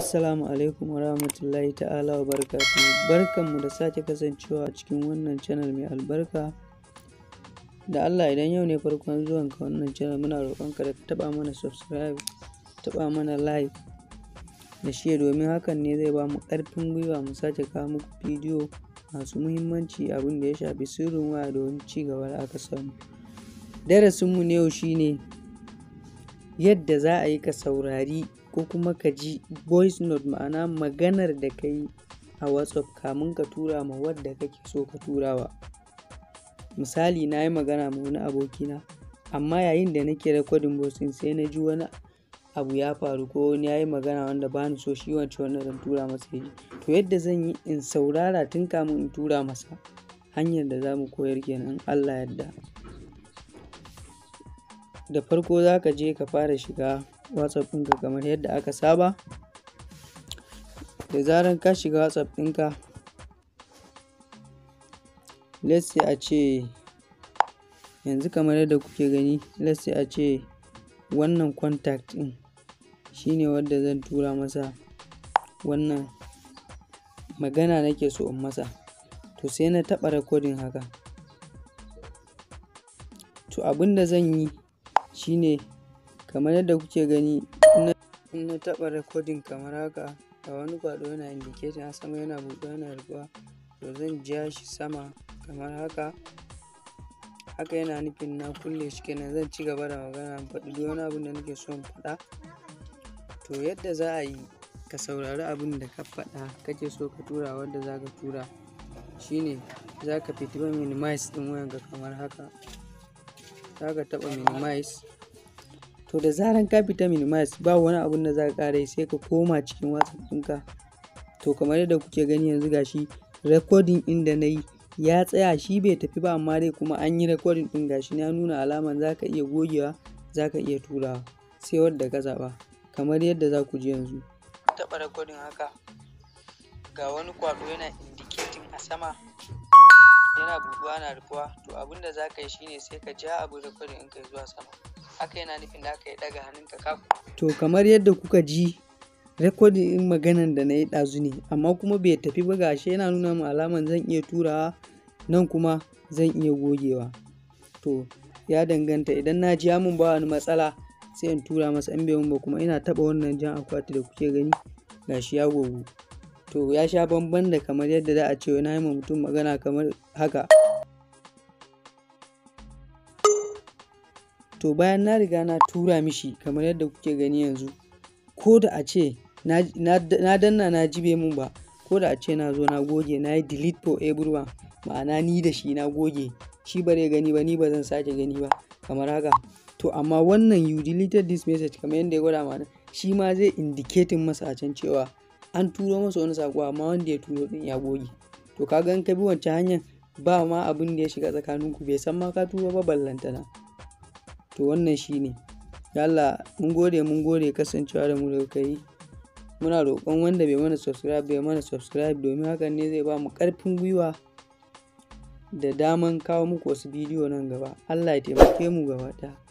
Assalamu alaikum warahmatullahi ta'ala wa barakatuhu. mu da sake kasancewa a cikin wannan channel mai albarka. Da Allah idan yau ne farkon zuwan ka wannan channel muna roƙonka da ka taɓa mana subscribe, taɓa mana like da shi domin hakan ne zai ba mu ƙarfin gwiwa mu sake kawo muku bidiyo masu muhimmanci abin da ya shafi sirrin waya domin ci gaba da aka samu. Darasinmu na yau shine yadda za a yi ka saurari ko kuma ka ji voice note ma'ana maganar da ka yi a WhatsApp kamun ka tura ma wadda kake so ka turawa. Misali na yi magana ma wani abokina amma yayin da nake recording voice ɗin sai na ji wani abu ya faru ko wani ya yi magana wanda ba ni so shi wance wannan zan tura masa yi To yadda zan yi in saurara tun kamun in tura masa hanyar da za mu koyar kenan in Allah yadda. da farko za ka je ka fara shiga whatsapp ɗinka kamar yadda aka saba da zarar ka shiga whatsapp ɗinka let's say a ce yanzu kamar yadda kuke gani let's say a ce wannan contact ɗin shine wadda zan tura masa wannan magana nake so in masa to sai na taɓa recording haka to abinda zan yi shine kamar yadda kuke gani in na taɓa rikodin kamar haka a wani kwado yana indiketin a sama yana buɗe yana rufuwa to zan ja shi sama kamar haka haka yana nufin na kulle shi kenan zan ci gaba da magana in faɗi duk wani abin da nake so in faɗa to yadda za a yi ka saurari abin da ka faɗa kake so ka tura wanda za ka tura shine za ka fitiba minimize ɗin wayanka kamar haka ka minimize to da zaran ka fita minimize ba wani abun da za ka sai ka koma cikin whatsapp ɗinka to kamar yadda kuke gani yanzu gashi recording inda na yi ya tsaya shi bai tafi ba amma dai kuma an yi recording ɗin gashi na nuna alaman za ka iya gogewa za ka iya turawa sai wadda ka zaba kamar yadda za ku ji yanzu taɓa recording haka ga wani kwaɗo yana indicating a sama yana buguwa na rufuwa to abin da za ka yi shine sai ka ja abu da kwari in kai zuwa sama haka yana nufin da aka yi daga hannunka kafu to kamar yadda kuka ji rekodin in maganan da na yi ɗazu ne amma kuma bai tafi ba gashi yana nuna mu alaman zan iya turawa nan kuma zan iya gogewa to ya danganta idan na ji mun ba wani matsala sai in tura masa in bai mun ba kuma ina taɓa wannan jan akwati da kuke gani gashi ya gogu to ya sha bamban da kamar yadda za a ce na yi mutum magana kamar haka to bayan na riga na tura mishi kamar yadda kuke gani yanzu ko da a ce na danna na jibe mun ba ko da a ce na zo na goge na yi delete for everyone ma'ana ni da shi na goge shi ba zai gani ba ni ba zan sake gani ba kamar haka to amma wannan you deleted this message kamar yadda ya gwada mana shi ma zai indicating masa a can cewa an turo masa wani sako amma wanda ya turo din ya goge to ka ga ka bi wancan hanyar ba ma abin da ya shiga ku bai san ma ka turo ba ballantana to wannan shine Allah mun gode mun gode kasancewa da mu da kuka muna roƙon wanda bai mana subscribe bai mana subscribe domin hakan ne zai ba mu ƙarfin gwiwa da daman kawo muku wasu bidiyo nan gaba Allah ya taimake mu gaba ɗaya